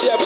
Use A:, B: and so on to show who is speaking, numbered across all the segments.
A: Merci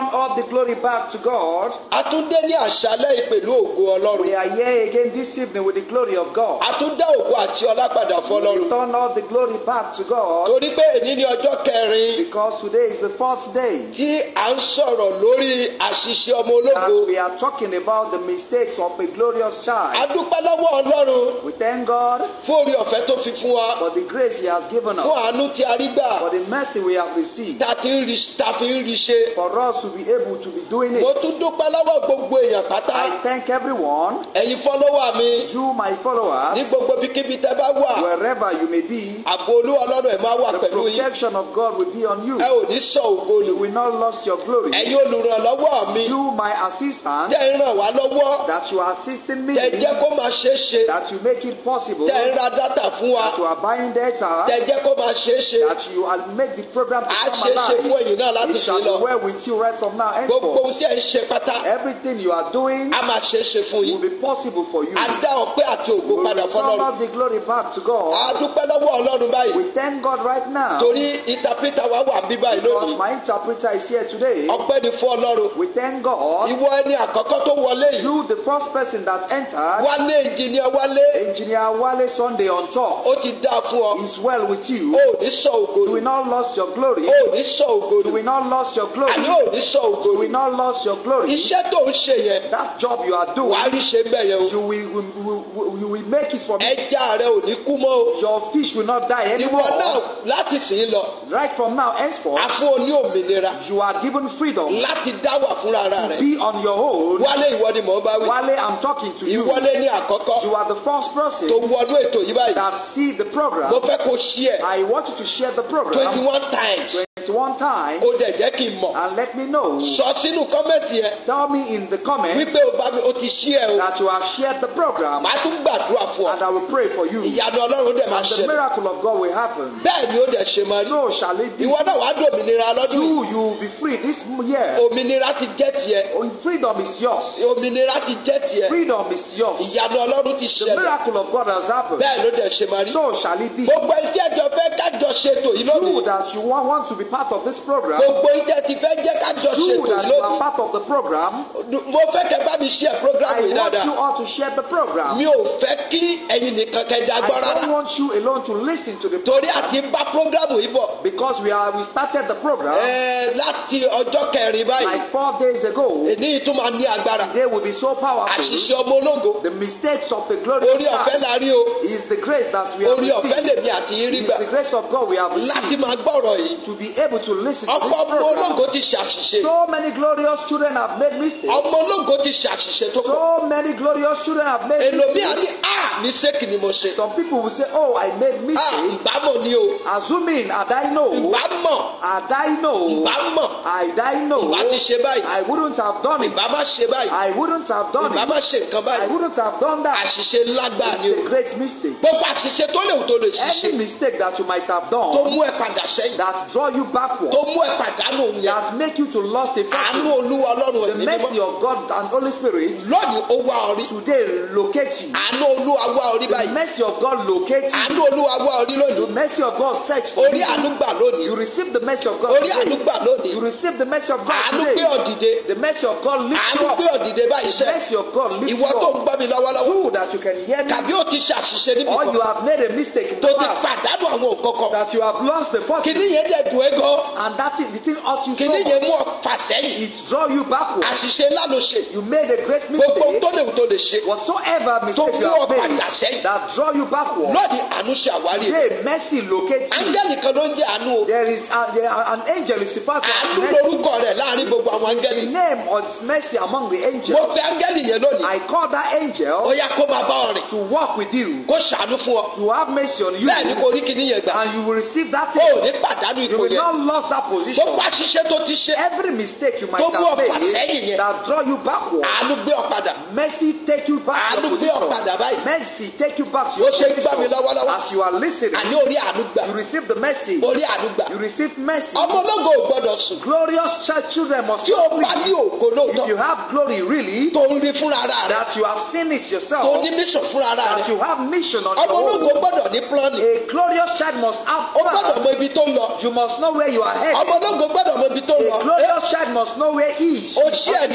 B: return all the glory back to God. A tún dé ní àṣálẹ́ yìí pẹ̀lú Ọlọ́run. We are here again this evening with the glory of God. A tún dá ògo àti ọlá padà fún return all the glory back to God. Torí pé èyí ni ọjọ́ kẹrin. Because today is the fourth day. Tí à ń sọ̀rọ̀ lórí àṣìṣe ọmọ ológo. As we are talking about the mistakes of a glorious child. A dúpẹ́ lọ́wọ́ Ọlọ́run. We thank God. Fún orí ọ̀fẹ́ tó fi fún wa. For the grace he has given us. Fún àánú tí a rí gbà. For the mercy we have received. Tàfi ń rí ṣe. For us to to be able to be doing it. mo tún dúpẹ́ lọ́wọ́ gbogbo èèyàn pátá. I thank everyone. ẹ̀yin fọ́lọ́wà mi. you my followers. ní gbogbo ibikíbi tẹ́ bá wà. wherever you may be. àbò ọlọ́run ẹ̀ máa wà pẹ̀lú yín. the protection of God will be on you. ẹ ò ní sọ ògo nù. you will not lose your glory. ẹ̀yin olùrànlọ́wọ́ mi. you my assistant. jẹ́ ń wá lọ́wọ́. that you are assisting me. jẹ́ jẹ́ kó máa ṣe é ṣe. that you make it possible. jẹ́ ń ra data fún wa. that you are buying data. jẹ́ jẹ́ kó máa ṣe é ṣe. that you are make the program to come alive. a ṣe é ṣe fún ẹ̀yin náà láti ṣe lọ. it shall be well with you right from now henceforth. gbogbo ohun ẹ ṣe pátá. everything you are doing. a máa ṣe ṣe fún yín. will be possible for you. a dá ọpẹ́ àti ògo padà fọlọ́run. we will return back the glory back to God. a dúpẹ́ lọ́wọ́ ọlọ́run báyìí. we thank God right now. torí interpreter wa wà bí báyìí lónìí. because my interpreter is here today. ọpẹ́ ni fún ọlọ́run. we thank God. ìwọ ẹni àkọ́kọ́ tó wọlé yìí. you the first person that entered. wálé engineer wálé. engineer wálé sunday on top. ó ti dá fún ọ. is well with you. o ò ní sọ ògo. you will not lost your glory. o ò ní sọ ògo. you will not lost your glory. àní o ò ní sọ ògo rẹ. you will not lose your glory. iṣẹ́ tó ń ṣe yẹn. that job you are doing. wàá rí ṣe bẹ́ẹ̀ yẹn o. you will, you will make it for me. ẹja rẹ ò ní kú mọ́ o. your fish will not die anymore. ìwọ náà láti sìn lọ. right from now henceforth. a ní òmìnira. you are given freedom. láti dáwà fúnra rẹ. to be on your own. wálé ìwọ ni mò ń bá wí. wálé i'm talking to you. ìwọlé ní àkọ́kọ́. you are the first person. tó wọnú ètò yìí báyìí. that see the program. mo fẹ́ kó share. I want you to share the program. twenty-one times. twenty-one times. o dẹ̀ jẹ́ kí n mọ̀. and let me know know. Sọ sínú kọ́mẹ̀ntì yẹn. Tell me in the comments Wípé o bá mi o ti ṣí ẹ o. That you have shared the program. Màá tún gbàdúrà fún ọ. And I will pray for you. Ìyanu Ọlọ́run dẹ̀ máa ṣe. And the miracle of God will happen. Bẹ́ẹ̀ ni ó dẹ̀ ṣe máa rí. So shall it be. Ìwọ náà wàá dùn òmìnira lọ́dún You you will be free this year. Òmìnira ti jẹ́ tiẹ̀. Oh, freedom is yours. Òmìnira ti jẹ́ tiẹ̀. Freedom is yours. Ìyanu Ọlọ́run ti ṣẹlẹ̀. The miracle of God has happened. Bẹ́ẹ̀ ló dẹ̀ ṣe máa rí. So shall it be. Gbogbo ìdí ẹjọ́ fẹ́ kájọ ṣètò ìlú. True that you want to be part of this program. Gbogbo ìdí ẹ fẹ́ jẹ́ kájọ you that were part of the program. mo fẹ́ kẹ́ bá mi share program yìí dáadáa. I want you all to share the program. mi ò fẹ́ kí ẹ̀yin nìkan kẹ́ dá I don't want you alone to listen to the program. torí àti bá program yìí bọ̀. because we are we started the program. ẹ láti ọjọ́ kẹrin báyìí. like four days ago. èyí tún máa ní agbára. today will be so powerful. àṣìṣe ọmọ ológo. the mistakes of the glory God. orí ọ̀fẹ́ la rí o. is the grace that we are. received. orí ọ̀fẹ́ lèmi àti yín is the grace of God we have received. láti máa gbọ́rọ̀ yìí. to be able to listen to this program. ọ̀pọ̀ ọmọ ológo ti ṣàṣìṣe ṣàṣìṣe. so many glorious children have made mistakes. ọmọ ológo ti ṣàṣìṣe tó pọ̀. so many glorious children have made mistakes. ẹlòmíà ní a mistake ni mo ṣe. some people will say oh I made ah, mistakes. ah ìbámọ̀ ni o. assuming àdáínò. ìbámọ̀. àdáínò. ìbámọ̀. àdáínò. ìbá ti ṣe báyìí. I wouldn't have done it. ìbá ṣe báyìí. I wouldn't have done it. ìbá ṣe nǹkan báyìí. I wouldn't have done that. àṣìṣe lágbàá ni o. it's a great mistake. gbogbo àṣìṣe tó lè tó lè ṣiṣẹ́. any mistake that you might have done. tó mú ẹ padà sẹ́yìn. that draw you backward. tó mú ẹ pàdánù yẹn. that make you to to lost a fortune. àánú olúwa ọlọ́run ẹ̀mí mímọ́. the mercy of God and holy spirit. lónìí ó wá today locate you. àánú olúwa wá ọ báyìí. the mercy of God locate you. àánú olúwa wá ọ lónìí. the mercy of God search for you. orí àánú gbà lónìí. you receive the mercy of God today. orí àánú gbà lónìí. you receive the mercy of God today. àánú gbé ọ the mercy of God lift you up. àánú gbé ọ báyìí sẹ́. the mercy of God lift you up. ìwọ tó ń gbọ́ mi lọ́wọ́lọ́wọ́. true that you can hear me. tàbí o ti ṣàṣìṣe níbi kan. or you have made a mistake in the past. tó ti pàdánù àwọn òkọ̀kọ̀. that you have lost the fortune. kìnìyẹn dẹ̀ dùn ẹ́ gan. and that the thing ought you so fà sẹ́yìn. it draw you backward. àṣìṣe ńlá ló ṣe. you made a great mistake. gbogbo tó lè tó lè ṣe. whatsoever mistake you have made. tó kú ọ̀pá jà sẹ́yìn. that draw you backward. lọ́ọ̀dì àánú ṣe àwárí. today mercy locate you. angel kan ló ń jẹ́ àánú o. there is a, there are an angel is referred to mercy. àánú lorúkọ rẹ̀ láàrin gbogbo àwọn angẹ́lì. the name of mercy among the angels. mo pe angẹ́lì yẹn lónìí. I call that angel. ó yá kó máa bá ọ rìn. to work with you. kó ṣàánú fún ọ. to have mercy on you. bẹ́ẹ̀ni kò rí kíní yẹn gbà. and you will receive that thing. o ní pàdánù ipò yẹn. you will not lose that position. gbogbo àṣìṣe tó ti ṣe. every every mistake you might have made. tó mú ọ̀pá sẹ́yìn yẹn. that draw you backward. àánú gbé ọ padà. mercy take you back. àánú gbé ọ padà báyìí. mercy take you back. yóò ṣe gbà mí lọ́wọ́lọ́wọ́. as you are listening. àní orí àánú gbà. you receive the mercy. orí àánú gbà. you receive mercy. ọmọ ológo ò gbọdọ̀ sùn. glorious church children must be free. tí o bá ní ògo lóòótọ́. if you have glory really. tó ń rí fúnra rẹ. that you have seen it yourself. tó ní mission fúnra rẹ. that you have mission on your own. ọmọ ológo gbọdọ̀ ní plọ́ọ̀nì. a glorious child must have plan. o gbọdọ̀ mọ ibi tó ń lọ. you must know where you are headed. ọmọ ológo gbọdọ̀ mọ ibi tó ń lọ. a glorious Failure child must know where he is. Ó share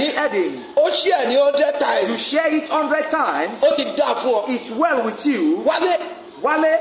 B: share ní hundred times. You share it hundred times. Ó ti dá fún ọ. It's well with you. Wálé. Wálé.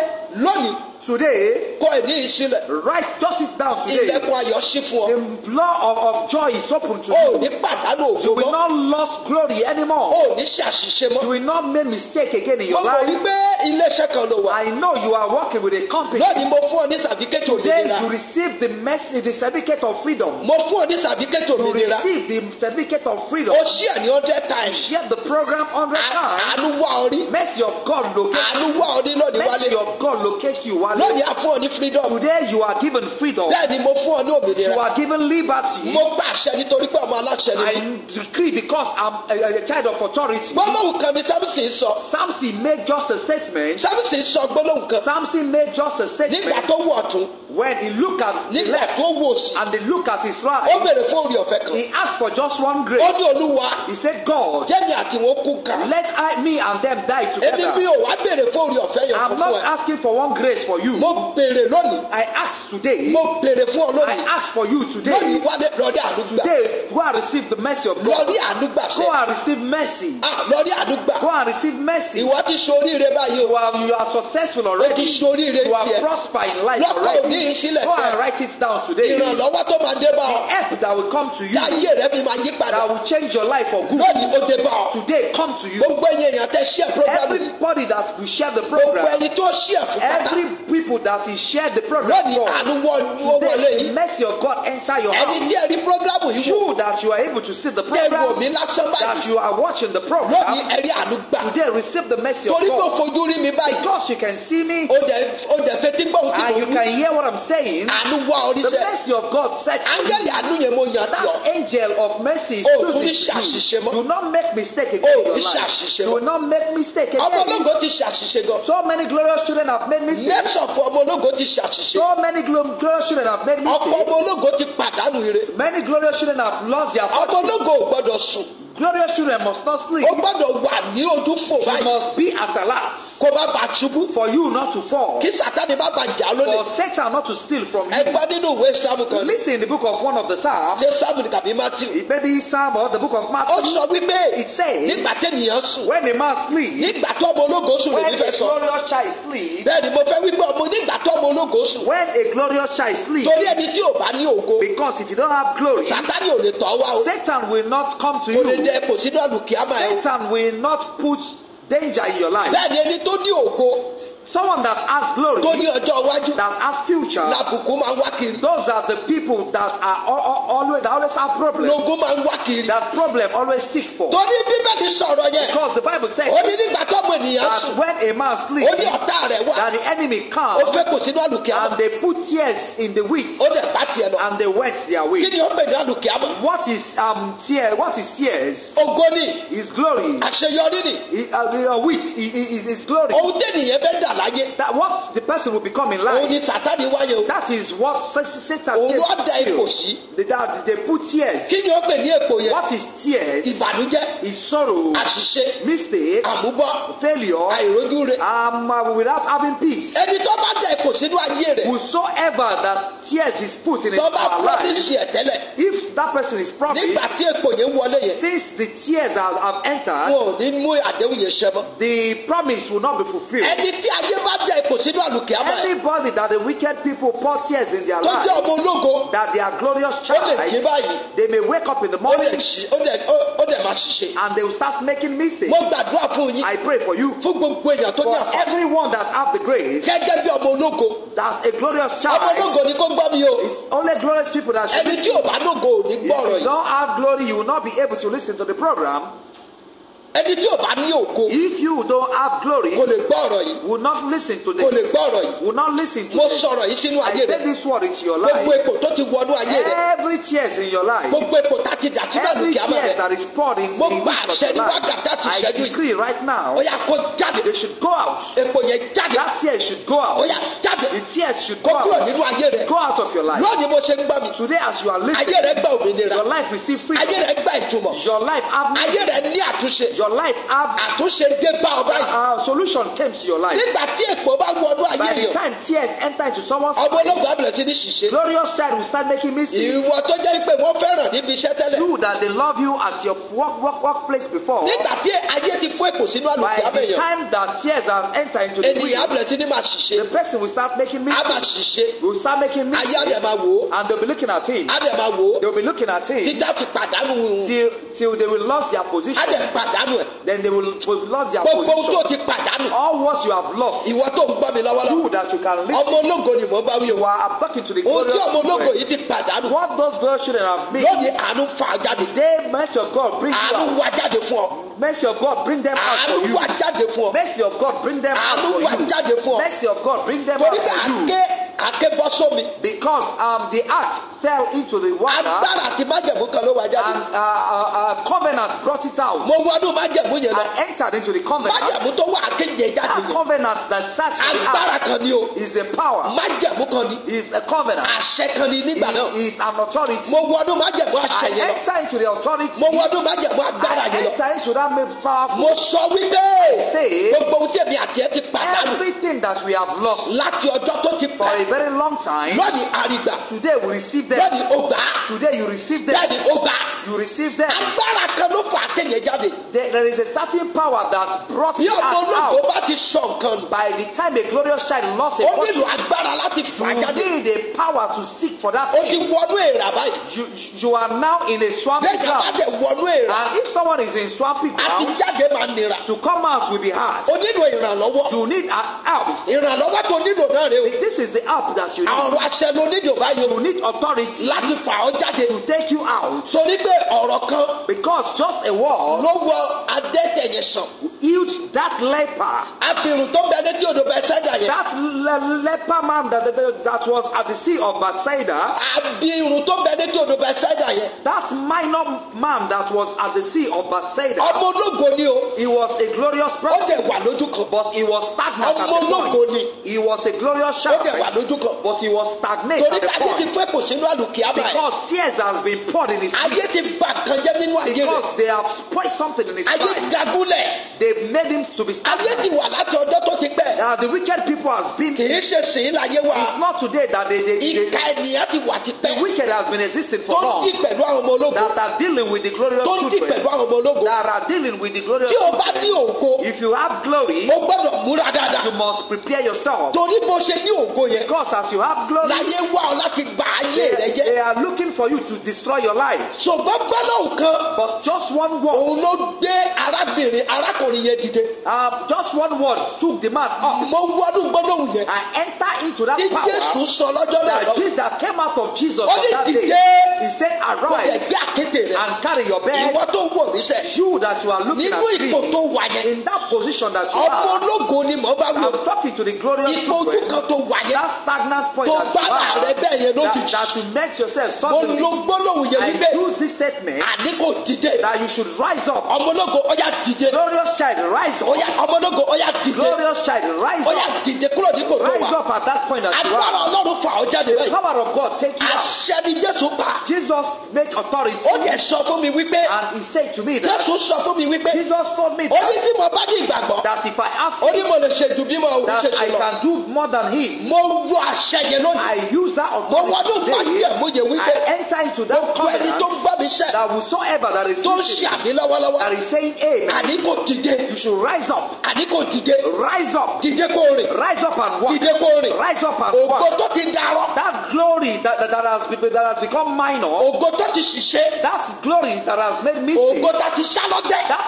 B: Lónìí. Today, kọ ìní ìsílẹ̀. Write justice down today. Ilẹ̀kùn ayọ̀ ṣí fún ọ. The law of, of joy is open to you. O ní pàdánù òjò mọ́. You will not lose glory anymore. O ní ṣàṣìṣe mọ́. You will not make mistake again in your life. Mo mọ̀ wípé ilé kan ló wà. I know you are working with a company. Lónìí mo fún ọ ní certificate òmìnira. Today you receive the message the certificate of freedom. Mo fún ọ ní certificate òmìnira. You receive the certificate of freedom. O ṣí ẹ̀ ní hundred times. You share the program hundred times. Àánú wá ọ rí. Mercy of God locate you. Àánú wá ọ rí lónìí wálé. Mercy of God locate you wálé lónìí a fún ọ freedom. today you are given freedom. bẹ́ẹ̀ni mo fún ọ ní òmìnira. you are given liberty. mo gbà àṣẹ nítorí pé ọmọ aláṣẹ ni I decree because I'm a, a child of authority. gbólóhùn kan ni Samson sọ. Samson made just a statement. Samson sọ gbólóhùn kan. Samson made just a statement. nígbà tó wọ̀ ọ̀tún when he look at the left and he look at his right he ask for just one grace he said God let I me and them die together èmi mi I'm not asking for one grace for you I ask today I ask for you today lónìí wá dé today go and receive the mercy of God go and receive mercy go and receive mercy ìwọ you are you are successful already you are prosper in life already yìí sílẹ̀ fún go and write it down today. ìrànlọ́wọ́ tó máa dé bá ọ. the help that will come to you. táyé rẹ bí máa yí padà. that will change your life for good. lónìí ó dé bá ọ. today come to you. gbogbo ẹni èèyàn tẹ share program. everybody that will share the program. gbogbo ẹni tó share fún pátá. every people that he share the program for. lónìí àánú wọ wọlé yìí. today mercy of God enter your house. ẹni tí ẹ program yìí you that you are able to see the program. tẹ wò lásán báyìí. that you are watching the program. lónìí ẹ àánú gbà. today receive the mercy of God. torí pé fojú rí mi báyìí. because you can see me. o dẹ̀ o dẹ̀ fetí gbọ́ tí mo and you can hear what I'm I'm saying. àánú wá the mercy of God search for me. angel àánú yẹn mo yàn tí o. that angel of mercy is oh, choosing you. o ní ṣàṣìṣe mọ́. do not make mistake oh, again in ṣàṣìṣe mọ́. do not make mistake again. ọmọ ológo ti ṣàṣìṣe gan. so many glorious children have made mistakes. mẹ́sàn-án ọmọ ológo ti ṣàṣìṣe. so many glorious children have made mistakes. ọ̀pọ̀ ọmọ ológo ti pàdánù ire. many glorious children have lost their fortune. ọmọ ológo ò gbọdọ̀ sùn. Glorious children must not sleep. Ó gbọ́dọ̀ wà ní ojú fò báyìí. She must be at alert. Kó má bàa ṣubú. For you not to fall. Kí Sátánì má bàa jà lólè. For Satan not to steal from you. Ẹgbẹ́ nínú ìwé Sáàmù kan. Listen the book of one of the Psalms. Ṣé Sáàmù tàbí Matthew? Ìbẹ́bí Sáàmù or the book of Matthew. Ó sọ wípé. It says. Nígbà tẹ́nìyàn sùn. When a man sleep. Nígbà tó ọmọ ológo sùn lèmi fẹ́ sọ. When a glorious child sleep. Bẹ́ẹ̀ni mo fẹ́ wípé ọmọ nígbà tó ọmọ When a glorious child sleep. Torí ẹni tí ò bá ní ògo. Because if you don't have glory. Sátánì ò lè tọ́ wá o. Satan will not come to you ẹ kò sínú àlùkìyàmà ẹ. Satan will not put danger in your life. bẹ́ẹ̀ni ẹni tó ní ògo someone that has glory. tó ní ọjọ́ iwájú. that has future. làbùkún máa ń wá kiri. those are the people that are always that always have problem. lògùn máa ń wá kiri. that problem always seek for. torí bíbélì sọ̀rọ̀ yẹn. because the bible says. ó ní nígbà tó mọ ènìyàn sùn. that when a man sleep. ó ní ọ̀tá rẹ̀ wá. that the enemy come. ó fẹ́ kò sínú àlùkìyámọ̀. and they put tears in the wheat. ó dẹ̀ bá tiẹ̀ lọ. and they wet their way. kí ni ó pè ní àlùkìyámọ̀. what is um, tear what is tears. ògo is glory. àṣeyọrí ni. Uh, uh, wheat is, is, is glory. ohun tẹ́niyẹn bẹ́ẹ̀ dà láyé. that what the person will become in life. òun ni sátani wáyé o. that is what satan takes to òun ló da ipò sí. they da they put tears. kí ni ó pè ní èpò yẹn. what is tears. ìbànújẹ́. is sorrow. àṣìṣe. mistake. àmúbọ. failure. àìrójúre. um uh, without having peace. ẹni tó bá da ipò sínú ayé rẹ̀. whosoever that tears is put in his life. tó bá promise yẹ tẹ́lẹ̀. if that person is promised. nígbà tí èpò yẹn wọlé yẹn. since the tears have, have entered. wọn ò ní mú àdéhùn yẹn ṣẹ mọ́. the promise will not be fulfilled. ẹni tí ayé táyé anybody that the wicked people pour tears in their life. that they are glorious child. they may wake up in the morning. and they will start making mistakes. I pray for you. for everyone that have the grace. that's a glorious child. it's only glorious people that should listen. if you don't have glory you will not be able to listen to the program ẹni tí o bá ní ògo. if you don't have glory. kò lè gbọ́ ọ̀rọ̀ yìí. will not listen to this. kò lè gbọ́ ọ̀rọ̀ yìí. will not listen to this. mo sọ̀rọ̀ yìí sínú ayé rẹ. I said this word into your life. gbogbo epo tó ti wọnú ayé rẹ. every tears in your life. gbogbo epo tá a ti dà sínú ẹnu kí a máa rẹ. every tears that is poured in the week of your life. mo gbà àṣẹ ní wákàtí yìí. I agree right now. ó yá kó jáde. they should go out. epo yẹn jáde. that tear should go out. ó yá jáde. the tears should go out. kó nínú ayé rẹ. go out of your life. lónìí mo ṣe gbọ́ mi. today as you are listening. ayé rẹ gba òmìnira. your life receive freedom. ayé rẹ gba ìtumọ̀. your life have meaning. ayé rẹ ní àtúnṣe your life have. àtúnṣe dé bá ọ báyìí. a solution came to your life. nígbà tí èpò bá wọnú ayé yẹn. by the time tears enter into someone's life. ọmọ ológun abẹ̀rẹ̀ sí ní ṣìṣe. glorious child will start making mistakes. ìwọ tó jẹ́ pé wọ́n fẹ́ràn níbi iṣẹ́ tẹ́lẹ̀. you that they love you at your work work work place before. nígbà tí ayé ti fún èpò sínú àlùkò abẹ́yẹn. by the time that tears has entered into the way. ènìyàn abẹ̀rẹ̀ sí ní máa ṣìṣe. the person will start making mistakes. a máa will start making mistakes. ayé àdè máa wò. and they will be looking at him. àdè máa wò. they will be looking at him. till they will lose their position pàdánù ẹ̀. then they will will lose their position. gbogbo tó ti pàdánù. all what you have lost. ìwọ tó ń gbọ́ mi lọ́wọ́lọ́wọ́. you that you can listen. ọmọ ológo ni mo bá wí o. you are I'm talking to the glorious children. ohun tí ọmọ ológo yìí ti pàdánù. what those glorious children have missed. lónìí àánú fa jáde. they mercy of God bring you out. àánú wa jáde fún ọ. mercy of God bring them out for you. àánú wa jáde fún ọ. mercy of God bring them out for you. àánú wa jáde fún ọ. mercy of God bring them out for you. torí pé àké àáké bọ́ sómi. because um, the axe fell into the water. agbára àti májẹ̀mú kan ló wá jáde. and uh, uh, uh, covenant brought it out. mo wọnú májẹ̀mú yẹn lọ. and entered into the covenant. májẹ̀mú tó wà àkéjẹ jáde. that covenant that search for the axe. agbára kan ni o. is a power. májẹ̀mú kan ni. is a covenant. àṣẹ kan ni nígbà náà. he is an authority. mo wọnú májẹ̀mú àṣẹ yẹn lọ. I enter into the authority. mo wọnú májẹ̀mú agbára yẹn lọ. I enter into that main powerful. mo sọ wípé. say. gbogbo ohun tí èmi àti ẹ ti pàdánù. everything that we have lost. láti ọjọ́ tó ti pẹ́ very long time. lónìí àrígbà. today we receive them. lónìí ó today you receive them. lónìí ó you receive them. agbára kan ló fà kéye jáde. there is a certain power that brought us out. bí ọmọ ológo bá ti sọ nǹkan. by the time a glorious shine lost a fortune. ó nílò agbára láti fà jáde. you need a power to seek for that thing. o ti wọnú èrà báyìí. you you are now in a swampy ground. bẹ́ẹ̀ ni wọnú èrà. and if someone is in swampy ground. a jáde máa nira. to come out will be hard. o nílò ìrànlọ́wọ́. you need help. ìrànlọ́wọ́ tó nílò náà rè o. this is the out that you need. àwọn ọ̀rọ̀ ló nídìí ò bá you need authority. láti fà ọ́ jáde. to take you out. so ní pé ọ̀rọ̀ kan. because just a word. ló wọ adẹ́tẹ̀ yẹn sàn healed that leper. Apirun tó bẹ létí odò Bethsaida yẹn. That le leper man that, that, that was at the sea of Bethsaida. Abirun tó bẹ létí odò Bethsaida yẹn. That minor man that was at the sea of Bethsaida. Ọmọ ológo ni o. He was a glorious prophet. Ó dẹ̀ wà lójú kan. But he was stagnant at the point. Ọmọ ológo ni. He was a glorious shepherd. Ó dẹ̀ wà lójú kan. But he was stagnant at the point. Torí ayé ti fẹ́ kò sínú àlùkìá báyìí. Because tears has been poured in his eyes. Ayé ti bà nínú ayé rẹ̀. Because they have spoiled something in his life. Ayé dagúnlẹ̀. They they made him to be stagnant. now the wicked people has been. it's not today that they they. ìka ènìyàn the wicked has been existing for long. that are dealing with the glorious children. that are dealing with the glorious children. if you have glory. you must prepare yourself. because as you have glory. láyé they are looking for you to destroy your life. ṣùgbọ́n gbọ́dọ̀ kan. but just one word yẹn dìde. Ah, just one word took the man up. mo wọnú gbólóhùn yẹn. I enter into that power. tí Jésù sọ lọ́jọ́ náà. that Jesus that came out of Jesus on that day. he said arise. and carry your bed. ìwọ tó wò mí sẹ́. you that you are looking at me. nínú ipò tó wà yẹn. in that position that you are. ọmọ ológo ni mo bá wò. I'm talking to the glorious truth. ipò ojú tó wà yẹn. that stagnant point that you are. tó bá rẹ bẹ́ẹ̀ yẹn lójijì. that you met yourself suddenly. mo lo gbólóhùn yẹn níbẹ̀. I use this statement. àdínkù dìde. that you should rise up. ọmọ ológo ọjà dìde. glorious child. child, rise. Oya oh, ọmọdógo oya oh, dìde. Glorious child, rise oya oh, up. dìde kúrò tó wà. Rise up at that point as you are. Agbára Ọlọ́run fà The power of God take you out. Àṣẹ ni Jésù pa. Jesus make authority. Ó yẹ sọ fún mi wípé. And he said to me that. Jésù sọ fún mi wípé. Jesus told me that. tí mo bá ní ìgbàgbọ́. That if I have faith. mo lè ṣe ju bí mo ṣe ṣe lọ. That I can do more than him. Mo wọ àṣẹ yẹn lónìí. I use that authority today. Mo wọnú pàjẹ́ mo yẹ wípé. I enter into that covenant. Mo ẹni tó ń mi ṣẹ. That whosoever that is Tó ṣe àmì lọ́wọ́lọ́wọ́. That is saying amen. Àní kò dìde. you should rise up. àní kò dìde. rise up. dìde kó rise up and work. dìde kó rise up and work. ògo ti darọ. that glory that, that, that, has, that has become minor. ògo tó ti ṣiṣẹ́. that glory that has made mistake. ògo tó ti ṣálọ́dẹ. that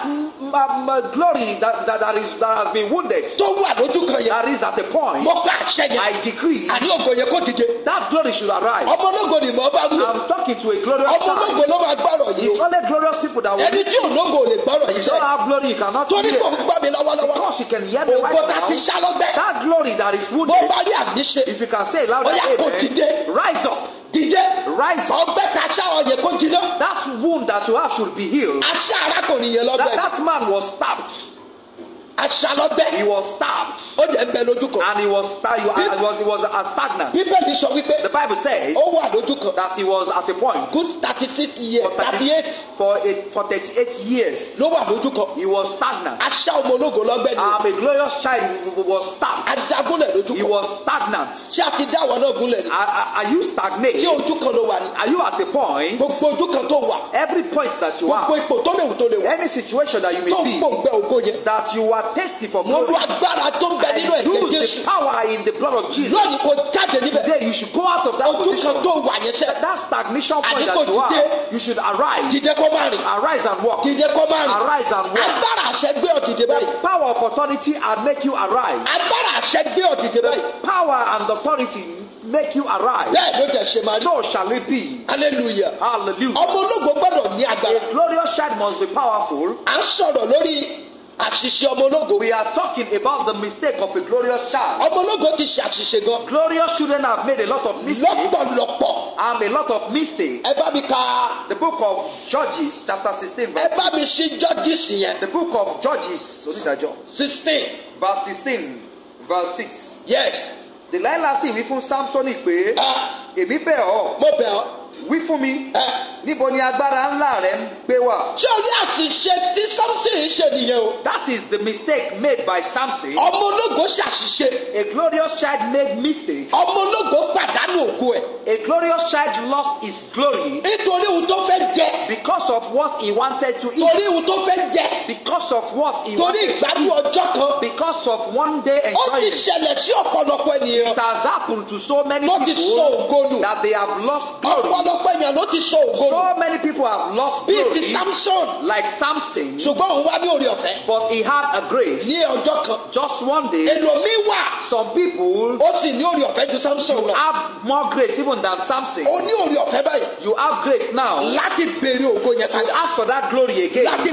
B: um, uh, glory that, that, that, is, that has been wounded. tó wà lójú kan yẹn. that is at the point. mo fẹ́ àṣẹ yẹn. I decree. àní ògo yẹn kó dìde. that glory should arise. ọmọ ológo ni mo bá wí. I talking to a glorious man. ọmọ ológo ló máa gbọ́rọ̀ yìí. it's only glorious people that will. ẹni tí ológo ò lè gbọ́rọ̀ yìí you don't have glory you cannot hear. torí kò ń gbọ́ mi lọ́wọ́lọ́wọ́. because you can hear me right ta ti ṣá that glory that is wounded. bó bá rí àmì ṣe. if you can say it loud. ó yá kó dìde. rise up jíjẹ́. rise up. ọgbẹ́ ta aṣára yẹ kó jiná. that wound that you have should be healed. aṣára kò níyẹn lọ́gbẹ́. that man was stabbed aṣalọgbẹ. he was stabbed. ó jẹ́ ń bẹ lójú kan. and he was stabbed he was he was a uh, stagnant. bíbélì sọ wípé. the bible says. ó wà lójú kan. that he was at a point. good thirty six years. thirty eight. for eight for thirty eight years. ló wà lójú kan. he was stagnant. aṣa ọmọlógo lọgbẹ ni. am a glorious child was stabbed. ajagunlẹ̀ lójú kan. he was stagnant. ṣé a ti dá àwọn náà gúnlẹ̀ ni. are you stagnant. ṣé ojú kan ló wà ni. are you at a point. gbogbo ojú kan tó wà. every point that you are. gbogbo ipò tó léwu tó léwu. any situation that you may be. tó ń pòǹgbẹ ògo yẹn. that you are are for glory. mo agbára tó ń bẹ nínú ẹ̀jẹ̀ Jésù. power in the blood of Jesus. lónìí kò jáde níbẹ̀. today you should go out of that Oju position. ojú kan tó wà yẹn sẹ́. that stagnation point that you are. you should arise. dìde kó máa rìn. arise and walk. dìde kó máa rìn. arise and walk. agbára àṣẹ gbé ọ báyìí. the power of authority and make you arise. agbára àṣẹ gbé ọ báyìí. the power and authority make you arise. bẹ́ẹ̀ ló jẹ ṣe máa rí. so shall it be. hallelujah. hallelujah. ọmọ ológo gbọ́dọ̀ ní agbára. a glorious child must be powerful. à ń sọ̀rọ̀ lórí àṣìṣe ọmọlógo. we are talking about the mistake of a glorious child. ọmọlógo ti ṣe àṣìṣe gan. glorious children have made a lot of mistakes. lọ́pọ̀lọpọ̀. and a lot of mistakes. ẹ bá mi ka. the book of Judges chapter sixteen verse. ẹ bá mi ṣí Judges yẹn. the book of Judges onídàájọ́. sixteen. verse sixteen verse six. yes. Delilah sì wí fún Samsoni pé. Ah. èmi bẹ̀ ọ́. mo bẹ̀ ọ́ wí fún mi. níbo ni agbára ńlá rẹ ń gbé wá. ṣé o ní àṣìṣe tí samson ṣe nìyẹn o. that is the mistake made by samson. ọmọ ológo ṣàṣìṣe. a glorious child made mistake. ọmọ ológo pàdánù ògo ẹ̀. a glorious child lost his glory. nítorí ohun tó fẹ́ jẹ. because of what he wanted to eat. torí ohun tó fẹ́ jẹ. because of what he wanted to eat. torí ìgbádùn ọjọ́ kan. because of one day enjoyment. ó ti ṣẹlẹ̀ sí ọ̀pọ̀lọpọ̀ ènìyàn. it has happened to so many people. wọ́n ti sọ ògo nù. that they have lost glory. ọ̀pọ̀lọpọ̀ ọ̀pọ̀lọpọ̀ ló ti sọ ògo. so many people have lost glory. bíi ti samson. like samson. ṣùgbọ́n òun wá ní orí ọ̀fẹ́. but he had a grace. ní ọjọ́ kan. just one day. èlòmíì some people. ó sì ní orí ọ̀fẹ́ ju samson lọ. you have more grace even than samson. o ní orí ọ̀fẹ́ báyìí. you have grace now. láti béèrè ògo yẹn to ask for that glory again. láti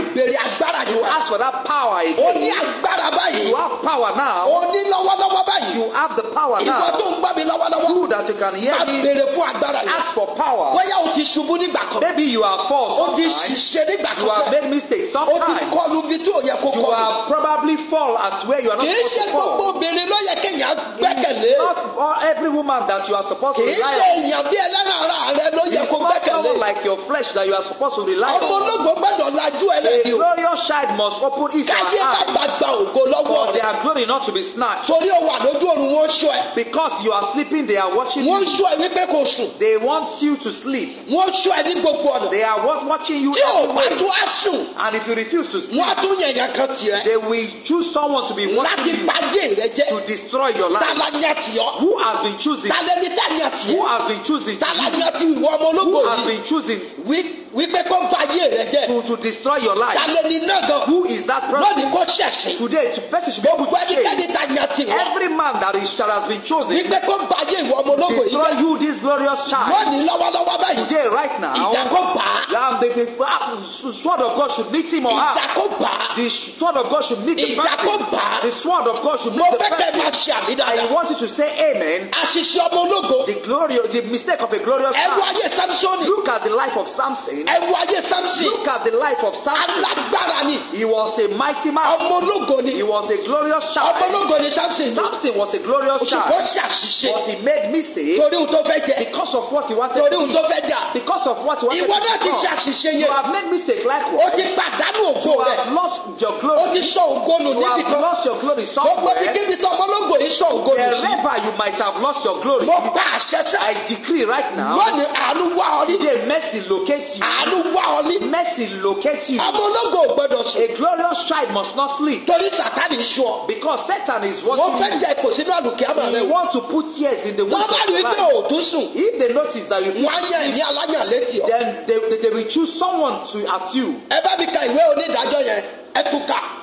B: agbára yẹn to ask for that power again. o ní agbára báyìí. you have power now. o ní lọ́wọ́lọ́wọ́ báyìí. you have the power now. ìwọ tó ń gbà lọ́wọ́lọ́wọ́. you that you can hear me. má béèrè fún agbára yẹn. ask for power. bóyá o ti ṣubú nígbà kan. maybe you are false. sometimes. o ti ṣiṣẹ́ nígbà kan you have made mistakes sometimes. o ti kọlu bí tó yẹ kó kọlu. you are probably fall at where you are not supposed to fall. kì í ṣe gbogbo obìnrin ló yẹ kéèyàn gbẹ́kẹ̀lé. it is not all, every woman that you are supposed to rely on. kì í ṣe èèyàn bí ẹlẹ́ran ara rẹ ló yẹ kó gbẹ́kẹ̀lé. it is not all like your flesh that you are supposed to rely on. ọmọ ológun gbọ́dọ̀ lajú ẹlẹ́dìí. a glorious child must open his heart. her eyes. káyé má gbàgbà ògo lọ́wọ́ rẹ. for their glory not to be snatched. torí o wà lójú oorun wọn ṣọ ẹ. because you are sleeping they are watching you. wọ́n ṣọ ẹ wípé kò sùn. they want you to sleep. wọ́n ṣọ́ ẹ gbogbo ọ̀nà. they are watching you everywhere. tí o bá tún á sùn. and if you refuse to sleep. wọ́n á tún yẹn yẹn tiẹ̀. they will choose someone to be watching you. láti bàjẹ́ rẹ jẹ́. to destroy your life. tala yẹn ti yọ. who has been choosing. talẹ́ni tá yẹn ti yẹ. who has been choosing. tala yẹn ti wọ́n ọmọ ológo yìí. who has been choosing. we wípé kó ń pa ayé rẹ jẹ. to to destroy your life. talẹni náà gan. who is that person. lónìí kó ṣẹ̀ṣẹ̀. today the person should be able to change. gbogbo ẹnikẹ́ni ta yan ti. every man that is that has been chosen. wípé kó ń pa ayé ìwọ ọmọ ológo yìí. destroy you this glorious child. lónìí lọ́wọ́lọ́wọ́ báyìí. today right now. ìjà kó pa. yam the the ah, sword of God should meet him or her. ìjà kó pa. the sword of God should meet the person. ìjà kó pa. the sword of God should meet the person. mo fẹ́ kẹ́ máa ṣe àmì dáadáa. I want you to say amen. àṣìṣe ọmọ ológo. the glory the mistake of a glorious child. ẹ wọ ayé Samson. look at the life of Samson ẹ wo ayé Samson. look at the life of Samson. alágbára ni. he was a mighty man. ọmọ ológo ni. he was a glorious child. ọmọ ológo ni Samson. Samson was a glorious child. ṣùgbọ́n ṣàṣìṣe. but he made mistakes. torí ohun tó fẹ́ jẹ. because of what he wanted torí ohun tó fẹ́ dà. because of what he wanted to do. ìwọ náà ti ṣàṣìṣe yẹn. you have made mistake likewise. o ti pàdánù ògo rẹ. you have lost your glory. o ti sọ ògo nù níbi kan. you have lost your glory somewhere. gbogbo ibi tó ọmọ ológo yìí sọ ògo nù sí. wherever you might have lost your glory. mo pa àṣẹ sá. I decree right now. lónìí àánú wá ọ rí. today mercy locate you àánú wá ọ ní. mercy locate you. ọmọ ológo ò gbọdọ̀ sùn. a glorious child must not sleep. torí Sátánì ń sọ. because Satan is watching you. wọ́n fẹ́ jẹ ipò sínú àlùkí àmọ́ rẹ. he want to put tears in the window. tọ́ba rí pé o tún sùn. if they notice that you. wọ́n á yẹ ìní aláyàn létí ọ. then they, they, they will choose someone to at you. ẹ bá mi ka ìwé onídàájọ́ yẹn ẹ tún kà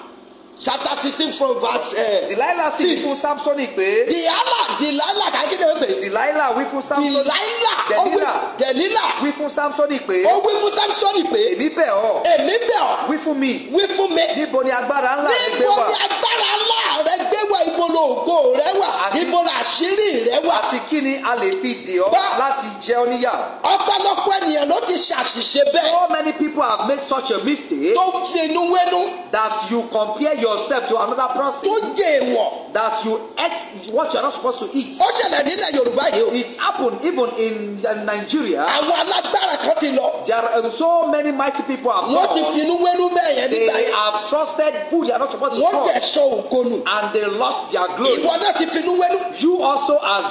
B: chapter sixteen from verse. Uh, Delilah sì wí fún Samsoni pé. Delilah Delilah kàkí ni ó pè. Delilah wí fún Samsoni. Delilah ó wí Delilah wí fún Samsoni pé. Ó wí fún Samsoni pé. Èmi bẹ̀ ọ́. Èmi bẹ̀ ọ́. Wí fún mi. Wí fún mi. Níbo ni agbára ńlá rẹ gbé wà? Níbo ni
A: agbára ńlá
B: rẹ gbé wà? Ibo lo ògo rẹ wà? Ibo lo àṣírí rẹ wà? Àti kí ni a lè fi dè ọ́ láti jẹ ọ́ níyà? Ọ̀pọ̀lọpọ̀ ènìyàn ló ti ṣàṣìṣe bẹ́ẹ̀. So many people have made such a mistake. Tó finú wẹ́nu. That you compare your yourself to another person. tó jẹ́ èèwọ̀. that you ate what you are not supposed to eat. ó ṣẹlẹ̀ nílẹ̀ Yorùbá yìí it happened even in uh, Nigeria. àwọn alágbára kan ti lọ. there are um, so many mighty people have come. wọ́n ti finú wẹ́nu mẹ́yẹn nígbà yẹn. they have trusted who they are not supposed to trust. wọ́n jẹ́ sọ ògo and they lost their glory. ìwọ náà ti finú wẹ́nu. you also as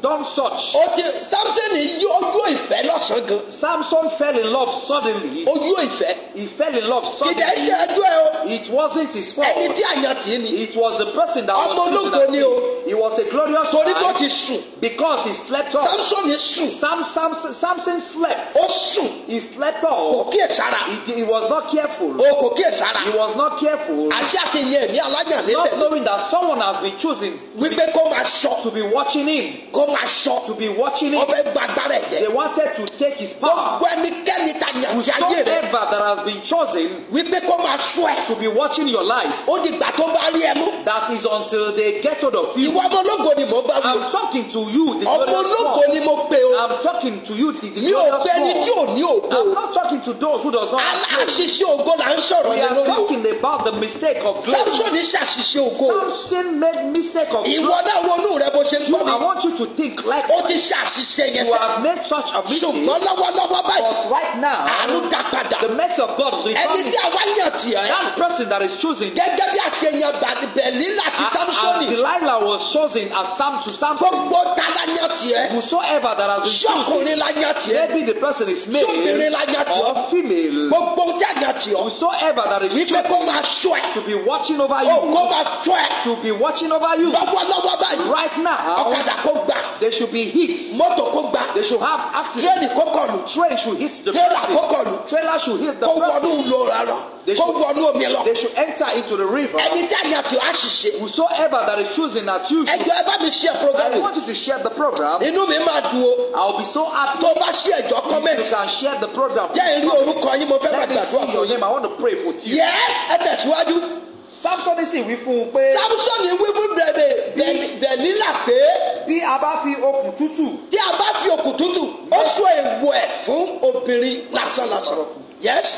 B: done such. o ti Samson yóò yóò ìfẹ́ lọ́sàn-án gan. Samson fell in love suddenly. o ìfẹ́. He fell in love suddenly. Kìdẹ̀ ẹjọ́ ẹ o. It wasn't his fault. Ẹni tí àyàn tì í ni. It was the person that was choosing that. Ọmọ He was a glorious man. Torí bó ti sùn. Because he slept off. Samson sùn. Sam Sam Samson slept. Ó sùn. He slept off. Kò kíyè sára. He, was not careful. O kò kíyè sára. He was not careful. Àṣé àkìyẹ ẹ̀mí alájà lé tẹ̀lé. Not knowing that someone has been choosing. Wípé kó máa ṣọ. To be watching him. Kó máa ṣọ. To be watching him. Wọ́n fẹ́ ẹ̀jẹ̀. They wanted to take his power. Gbogbo ẹnikẹ́ni ta ni àjẹ́ rẹ̀. Whosoever that has been been chosen. wípé kó máa ṣọ́ ẹ. to be watching your life. ó di gbà tó bá rí ẹ mú. that is until they get hold of you. ìwọ ọmọ ológo ni mò ń bá wí. I'm talking to you the glorious one. ọmọ ológo ni mo pe o. I'm talking to you the glorious one. mi ò fẹ́ ni tí ò ní ògo. I'm not talking to those who does not have aláṣiṣẹ́ ògo là ń sọ̀rọ̀ yẹn lórí. we are talking about the mistake of grace. Samson ní ṣàṣìṣe ògo. Samson made mistake of grace. ìwọ náà wọnú rẹ bó ṣe ń gbọ́ mi. I want you to think like that. ó ti ṣàṣìṣe yẹn sẹ́. you have made such a mistake. ṣùgbọ́n lọ́wọ́lọ́wọ́ báyìí. but right now. àánú dá padà. the mercy of God ẹni tí àwa yàn tì ẹ́. that person that is chosen. gẹ́gẹ́ bí àṣeyàn bẹ̀lílà ti samsoni. as delilah was chosen as sam to samson. gbogbo ta la yàn tì ẹ́. whosoever that has been chosen. sọkùnrin la yàn tì ẹ́. maybe the person is male. sọkùnrin la yàn tì ọ́. or female. gbogbo tí a yàn tì ọ́. whosoever that is chosen. wípé kó máa sọ ẹ. to be watching over you. o kó máa sọ ẹ. to be watching over you. lọ́wọ́lọ́wọ́ báyìí. right now. ọ̀kadà kó gbà. they should be hit. mọ́tò kó gbà. they should have accident. train kó kọlù. train should hit the person. trailer kó kọlù. trailer should hit the person wọnú lọ rárá kó wọnú omi lọ. they should enter into the river. ẹni tí a yàn tó a ṣiṣẹ́. whosoever that is choosing na choose. ẹjọ ẹ bá mi share program. I want you to share the program. inú mi máa dùn o. I will be so happy. tó bá share ẹjọ comment. you can share the program. jẹ́ irú orúkọ yín mo fẹ́ bá let me see your name I want to pray for you. yes ẹ tẹ̀síwájú. Samson sì wí fún un pé. Samson wí fún bẹ̀rẹ̀ bẹ̀lílà pé. Bí a bá fi okùn tútù. Bí a bá fi okùn tútù. Ó sọ èèwọ̀ ẹ̀ fún obìnrin lásán lásán. Yes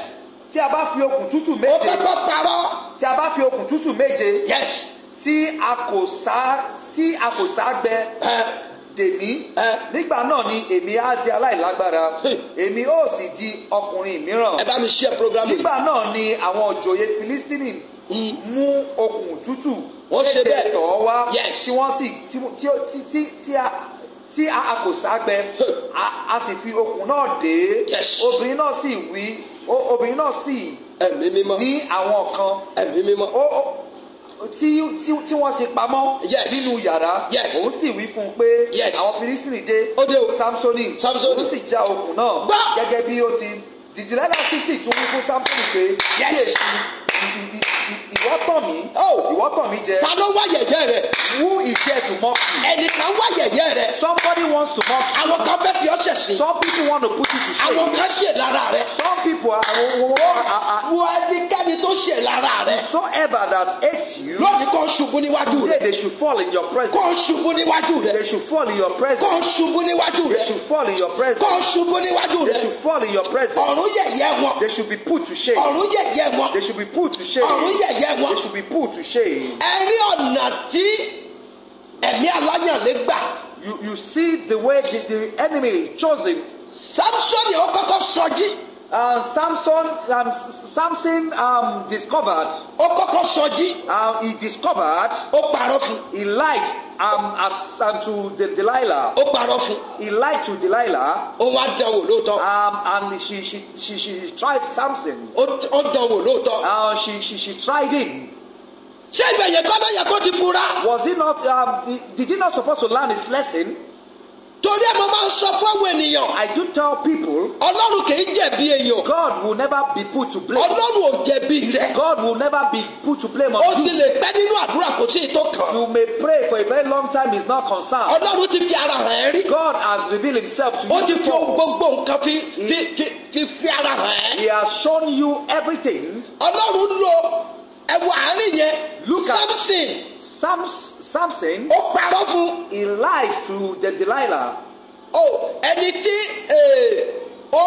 B: tí a bá fi okùn tútù méje. ó kọ́kọ́ parọ́. tí a bá fi okùn tútù méje. yes. tí a kò sá tí a kò sá gbẹ. dèmí. nígbà náà ni èmi á di aláìlágbára. èmi ó sì di ọkùnrin mìíràn. ẹ bá mi ṣe programu. nígbà náà ni àwọn òjòyè filistini hmm. mú okùn tútù. wọ́n ṣe bẹ́ẹ̀ tọ́ wá. yes. tí wọ́n sì tí tí a tí a kò sá gbẹ a sì fi okùn náà dé. yes. obìnrin náà sì wí obìnrin náà sì ẹ̀mí mímọ́ ní àwọn kan ẹ̀mí mímọ́ tí tí tí wọ́n ti pamọ́. yes nínú yàrá. yes òun sì wí fún un pé. yes àwọn Fílísítì dé. ó dé o Samsoni. Samsoni òun sì já okùn náà. gbọ́ gẹ́gẹ́ bí ó ti dìdìlẹ́lá sì sì tún wí fún Samsoni pé. yes kíyèsí ìwọ tàn mí ìwọ tàn mí jẹ. ta ló wá yẹ̀yẹ́ rẹ̀. who is here to mock you. ẹnìkan wá yẹ̀yẹ́ rẹ̀. somebody wants to mock you. àwọn kan fẹ́ fi ọ́ ṣẹ̀ṣẹ̀. some people want to put you to shame. àwọn kan ṣe lára rẹ̀. some people are. Ah, ah, ah. wo ẹnikẹ́ni tó ṣe lára rẹ̀. so ever that hates you. lónìí kò ṣubú níwájú rẹ̀. today they should fall in your presence. kò ṣubú níwájú rẹ̀. they should fall in your presence. kò ṣubú níwájú rẹ̀. they should fall in your presence. kò ṣubú níwájú rẹ̀. they should fall in your presence. ọ̀run yẹ̀yẹ́ wọn. they should be put to shame. ọ̀run yẹ̀yẹ́ wọn. they should be put to shame. ọ̀run yẹ̀yẹ́ iṣẹ́ wa. they should be put to shame. ẹ rí ọ̀nà tí ẹ̀mí aláyàn lè gbà. you you see the way the the enemy chosen. Samson yẹn ó kọ́kọ́ sọjí. So Uh, Samson, um, Samson um, discovered. Ó kọ́kọ́ sọjí. he discovered. Ó parọ́ fún. He lied um, at, um, to De Delilah. Ó parọ́ fún. He lied to Delilah. Òun á dán lóòótọ́. Um, and she, she, she, she tried Samson. Ó dán lóòótọ́. she, she, she tried him. Ṣé ìbẹ̀yẹ̀ kọ́ ló yẹ kó ti fura? Was he not, um, did he not supposed to learn his lesson? torí ẹ mo máa ń sọ fún àwọn ènìyàn. I do tell people. Ọlọ́run kì í jẹ̀bi èèyàn. God will never be put to blame. Ọlọ́run ò jẹ̀bi rẹ. God will never be put to blame on you. O sì lè pẹ́ nínú àdúrà kò sí ètò kan. You may pray for a very long time it's not concerned. Ọlọ́run ti fi ara hàn ẹ́ rí. God has revealed himself to you. Ó ti fi gbogbo nǹkan fi fi fi fi ara hàn ẹ́. He has shown you everything. Ọlọ́run lo ẹ̀wọ̀ àárín yẹn. Look at something samson. ó parọ́ fún. he lied to the delilah. o ẹni tí ó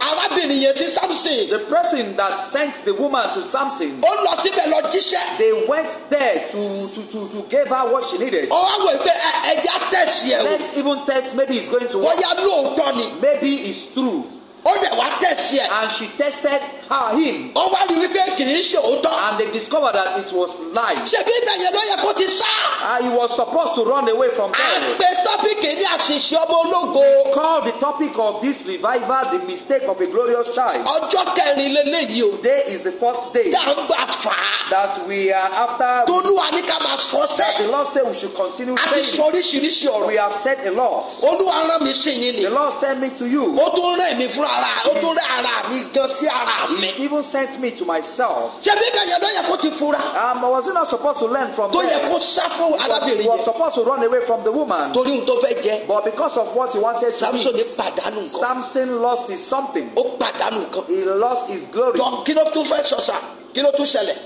B: rán arábìnrin yẹn sí samson. the person that sent the woman to samson. ó lọ síbẹ̀ lọ jíṣẹ́. they went there to to to to give her what she needed. ó wá wò pé ẹja tẹ̀sí ẹ̀ o. let's even test maybe it's going to work. bóyá lóòótọ́ ni. maybe it's true ó dẹ̀ wá tẹ̀sí ẹ̀. and she tested her him. ó wá rí wípé kì í ṣe òótọ́. and they discovered that it was lie. ṣebí ìbẹ̀yẹ̀ ló yẹ kó ti sá. and he was supposed to run away from there. a pe tọ́pìkì ní àṣìṣe ọmọ ológo. he called the topic of this revival the mistake of a glorious child. ọjọ́ kẹrin lélẹ́yìí o. today is the fourth day. dàgbà fà á. that we are after. tolúwa ní ká máa sọ sẹ́. the Lord say we should continue saying. a ti sọ oríṣiríṣi ọ̀rọ̀. we have said a lot. olúwa rán mi sí yín ni. the Lord send me to you. ó tún rán èmi fúnra ara ó tún rẹ ara mi gan sí ara mi. he even sent me to myself. ṣebí kàyẹ̀dọ́ yẹ kó ti fura. um I was not supposed to learn from. tó yẹ kó sá fún arábìnrin he was supposed to run away from the woman. torí ohun tó fẹ́ jẹ. but because of what he wanted to eat. Samson ní pàdánù Samson lost his something. ó pàdánù nǹkan. he lost his glory. jọ kí ló tún fẹ́ sọ̀sà kí ló tún ṣẹlẹ̀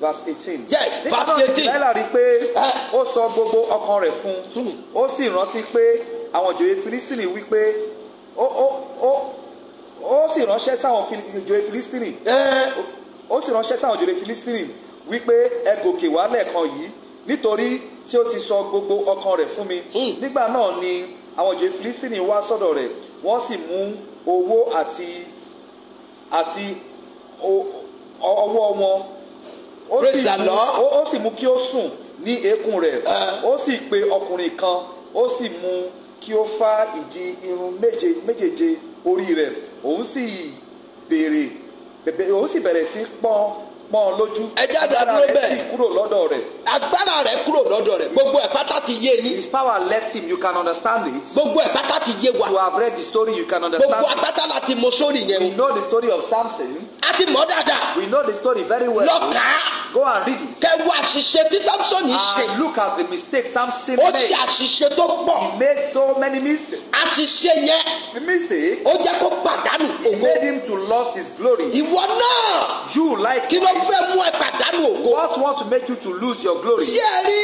B: verse eighteen. yes verse eighteen. nígbà tó rí pé eh? ó sọ gbogbo ọkàn rẹ̀ fún un hmm. ó sì rántí pé àwọn ìjòyè Fílístínì wí pé ó ó ó ó sì ránṣẹ́ sáwọn ìjòyè filistini ó sì ránṣẹ́ sáwọn ìjòyè filistini wípé ẹ gòkè wá lẹ́ẹ̀kan yìí nítorí tí ó ti sọ gbogbo ọkàn rẹ̀ fún mi hmm. nígbà náà ni àwọn ìjòyè filistini wá sọ́dọ̀ rẹ̀ wọ́n sì mú owó àti àti ọwọ́ wọn ó sì mú kí ó sùn ní eékún rẹ̀ ó sì pe ọkùnrin kan ó sì mú un kí ó fá ìdí irun méje méjèèje orí rẹ̀ òun sì béèrè òun sì bẹ̀rẹ̀ sí pọ́n pọ́n ọ lójú. ẹ jáde bẹ́ẹ̀ agbára rẹ kúrò lọ́dọ̀ rẹ̀. agbára rẹ kúrò lọ́dọ̀ rẹ̀ gbogbo ẹ̀ pátá ti yé yín. his power left him you can understand it. gbogbo ẹ̀ pátá ti yé wa. you have read the story you can understand gbogbo it. la ti mọ sórí yẹn. we know the story of Samson. a ti mọ̀ dáadáa. we know the story very well. lọ go and read it. kẹ wá àṣìṣe tí Samson ṣe. and look at the mistake Samson made. ó ṣe àṣìṣe tó pọ̀. he made so many mistakes. àṣìṣe yẹn. the mistake. ó jẹ́ kó pàdánù. it made him to lose his glory. ìwọ náà. you like. kí ló fẹ́ mú ẹ pàdánù ògo. God wants to make you to lose your glory. ṣé ẹ rí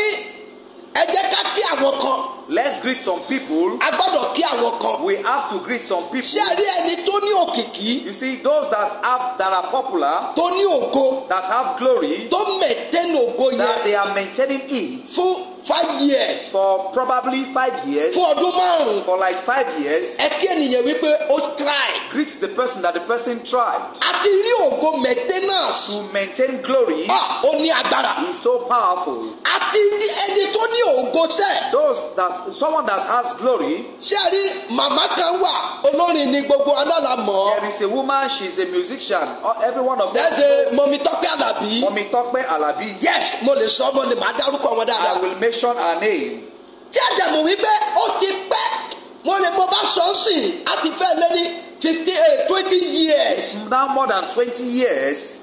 B: ẹ jẹ́ ká kí àwọn kan. Let's greet some people. A gbọ́dọ̀ kí àwọn kan. We have to greet some people. Ṣé ẹ rí ẹni tó ní òkìkí? You see those that have that are popular. Tó ní ògo. That have glory. Tó maintain ògo yẹn. That they are maintaining it. Fún five years. for probably five years. For ọdún márùn. for like five years. ẹ kí ènìyàn wípé ó try. greet the person that the person tried. àti rí ògo maintenance. to maintain glory. ah ó ní agbára. he is so powerful. àti ní ẹni tó ní ògo sẹ́. those that someone that has glory. ṣé ẹ rí màmá kan wà olórin ni gbogbo alálàmọ́. there is a woman she is a musician every one of them. there's a mọ̀mí tọ́pẹ́ àlàbí. mọ̀mí tọ́pẹ́ àlàbí. yes mo lè sọ mo lè máa dárúkọ wọn dáadáa. i will make sure mention her name. tí àjàmù wípé ó ti pẹ́ mo lè mo bá sọ ọ́ sìn á fẹ́ lé ní fifty eight twenty years. now more than twenty years.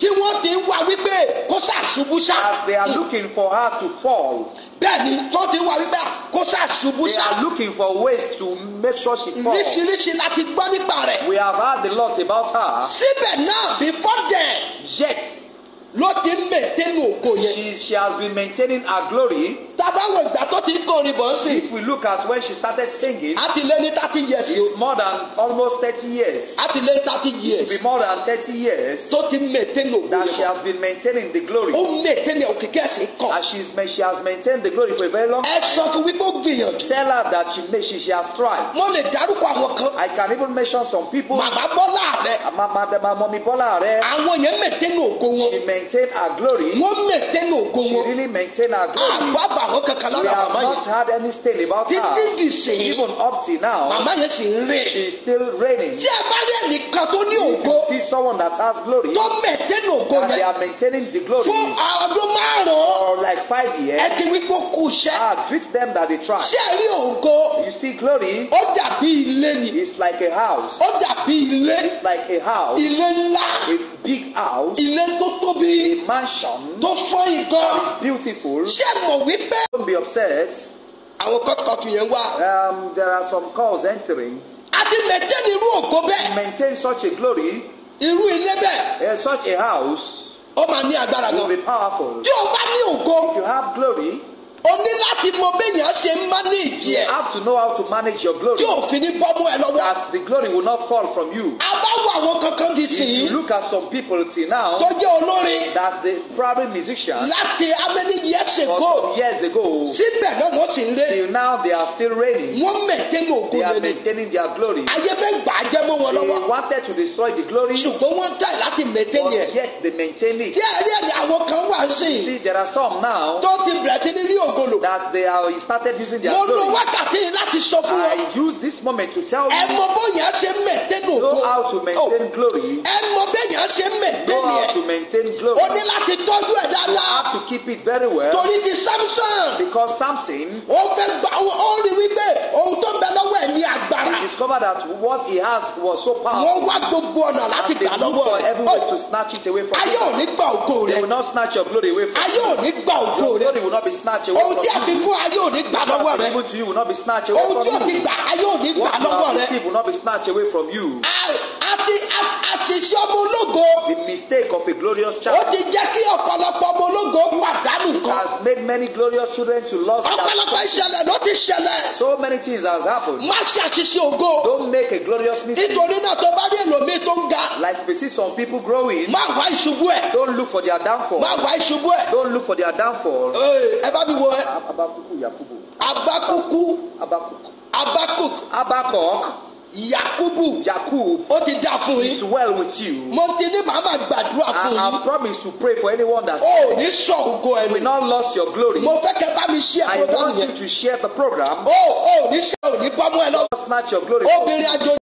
B: tí wọ́n ti wá wípé kó ṣàṣubú ṣá. as they are looking for her to fall. bẹ́ẹ̀ni tó ti wá wípé kó ṣàṣubú ṣá. they are looking for ways to make sure she fall. oríṣiríṣi la gbọ́ nípa rẹ̀. we have heard a lot about her. síbẹ̀ náà before then. yes ló ti ń maintain ògo yẹn. she she has been maintaining her glory tábà wò ti ń kọrin bọ̀ ń if we look at when she started singing. a ti lé ní thirty years. it's more than almost thirty years. a ti lé thirty years. it be more than thirty years. tó ti maintain òwúrọ̀. that she has been maintaining the glory. ó maintain òkìkí ẹ̀sìn kan. and she's, she has maintained the glory for a very long time. ẹ sọ fún wípé ó gbìyànjú. tell her that she may she, she has tried. mo lè dárúkọ àwọn kan. I can even mention some people. màmá bọ́lá rẹ. màmá dama mọ́mi bọ́lá rẹ. àwọn yẹn maintain ògo wọn. she maintain her glory. wọ́n maintain ògo wọn. she really maintain her glory. àgbàbà àwọn kankan lára màmá yẹn. we have not had any stain about her. títí di sìn. even up till now. màmá yẹn sì ń rè. she is still reigning. tí ẹ bá rẹ̀ nìkan tó ní ògo. if you see someone that has glory. tó maintain ògo yẹn. and they are maintaining the glory. fún ọdún márùn-ún. or like five years. ẹ ti wí pé kú iṣẹ́. ah greet them that they try. ṣé ẹ rí ògo. you see glory. ó dàbí ilé ni. it's like a house. ó dàbí ilé. it's like a house. ilé ńlá. a big house. ilé tó tóbi. a mansion. tó fọ́ ìgọ́. is beautiful. ṣé mọ̀ wípé. don't be upset. àwọn kọ́tùkọ́tù yẹn wà. um there are some calls entering. a ti maintain irú ògo bẹ́ẹ̀. maintain such a glory. irú ilé bẹ́ẹ̀. such a house. ó máa ní agbára gan. will be powerful. tí o bá ní ògo. if you have glory o ní láti mọ béèyàn ṣe manage yẹ. you have to know how to manage your glory. tí òfin ní bọ́ mú ẹ lọ́wọ́. that the glory will not fall from you. a bá wo àwọn kankan di sí. if you look at some people till now. tó jẹ́ olórin. that the probably musician. láti how many years ago. for some years ago. síbẹ̀ náà wọ́n sì ń lé. till now they are still reigning. wọ́n maintain ògo lẹ́nu. they are maintaining their glory. ayé fẹ́ gbà á jẹ́ mọ́ wọn lọ́wọ́. they wanted to destroy the glory. ṣùgbọ́n wọ́n tẹ̀ láti maintain yẹn. but yet they maintain it. kí ẹ̀rí ẹ̀rí àwọn kan wà sí. see there are some now. tó ti bẹ̀rẹ̀ sí ní rí ògo ògo that they are started using their glory. mo lo wákàtí láti sọ fún wọn. I use this moment to tell you. ẹ bóyá ṣe maintain ògo. know how to maintain oh. glory. ẹ bóyá ṣe maintain yẹn. know how to maintain glory. o ní láti tọ́jú ẹ̀ dáadáa. you have to keep it very well. torí ti Samson. because Samson. ó fẹ́ gbà ó rí wípé ohun tó bẹ lọ́wọ́ ẹ̀ ní à discovered that what he has was so powerful. wọ́n wá gbogbo ọ̀nà láti gbà lọ́wọ́ rẹ̀. and they look for every oh, to snatch it away from you. they will not snatch your glory away from you. ayé ò ní ògo rẹ̀. your glory will not be snatched away from you. ohun tí a fi fún ayé ò gbà lọ́wọ́ rẹ̀. will not be snatched away from you. ohun tí o ti gbà ayé ò gbà lọ́wọ́ rẹ̀. what you have received will not be snatched away from you àti àṣìṣe ọmọ ológo. the mistake of a glorious child. ó ti jẹ́ kí ọ̀pọ̀lọpọ̀ ọmọ ológo pàdánù kan. has made many glorious children to lose their ọ̀pọ̀lọpọ̀ ìṣẹ̀lẹ̀ ló ti ṣẹlẹ̀. so many things has happened. má ṣe àṣìṣe ògo. don't make a glorious mistake. nítorí náà tó bá rí èlòmíì tó ń ga. like we see some people growing. má wá ìṣubú ẹ̀. don't look for their downfall. má wá ìṣubú ẹ̀. don't look for their downfall. ẹ bá mi wo ẹ. abakuku yakubu. abakuku. abakuku. abakuk. abakok. Yakubu. Yakub. Ó ti dá fún yín. It's well with you. Mo ti ní màá gbàdúrà fún yín. I have promised to pray for anyone that. oh, ò ní sọ ògo ẹnu. We not lost your glory. Mo fẹ́ kẹ́ bá mi share program yẹn. I want you to share the program. Oh, oh, ní sọ òní bọ́mú ẹ lọ. Just match your glory. Obìnrin àjòjì.